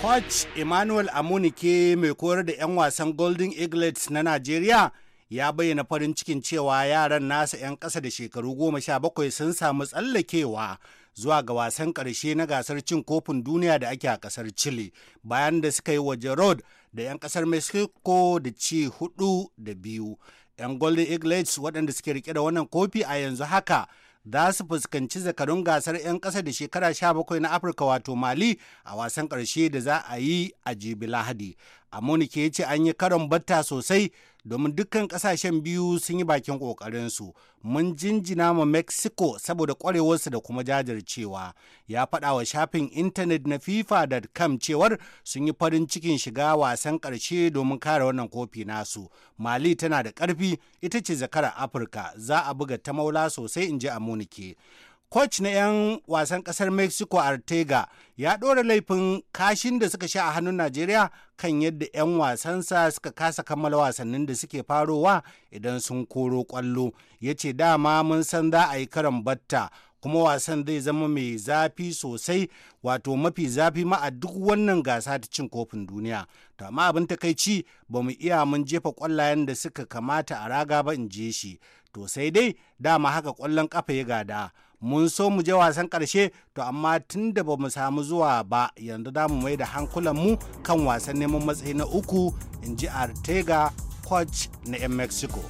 Coach Emmanuel Amunike mai koyar da 'yan wasan Golden Eaglets na Najeriya ya bayyana farin cikin cewa yaran nasa 'yan ƙasa da shekaru goma sha bakwai sun samu tsallakewa zuwa ga wasan ƙarshe na gasar cin kofin duniya da ake a ƙasar Chile bayan da suka yi waje road da 'yan ƙasar Mexico da ci hudu da biyu. 'Yan Golden Eaglets waɗanda suke rike da wannan kofi a yanzu haka za su fuskanci zakarun gasar 'yan ƙasa da shekara 17 na afirka wato mali a wasan ƙarshe da za a yi a jibi lahadi amma munike ke ce an yi karon batta sosai domin dukkan kasashen biyu sun yi bakin ƙoƙarinsu mun jinjina ma mexico saboda ƙwarewarsu da kuma jajircewa ya faɗa wa shafin intanet na fifa.com cewar sun yi farin cikin shiga wasan ƙarshe domin kare wannan kofi nasu mali tana da ƙarfi ita ce zakarar afirka za a buga ta maula sosai in ji a munike Coach na 'yan wasan kasar Mexico Artega ya ɗora laifin kashin da suka sha a hannun Najeriya kan yadda 'yan wasansa suka kasa kammala wasannin da suke farowa idan sun koro kwallo Ya ce dama mun san za a yi karan batta. kuma wasan zai zama mai zafi sosai wato mafi zafi ma a duk wannan gasa ta cin kofin duniya to amma abin takaici ba mu iya mun jefa kwallayen da suka kamata a raga ba in je shi to sai dai dama haka kwallon kafa ya gada mun so mu je wasan ƙarshe to amma tun da ba mu samu zuwa ba yanzu za mu mai da hankulanmu kan wasan neman matsayi na uku in ji artega coach na 'yan mexico.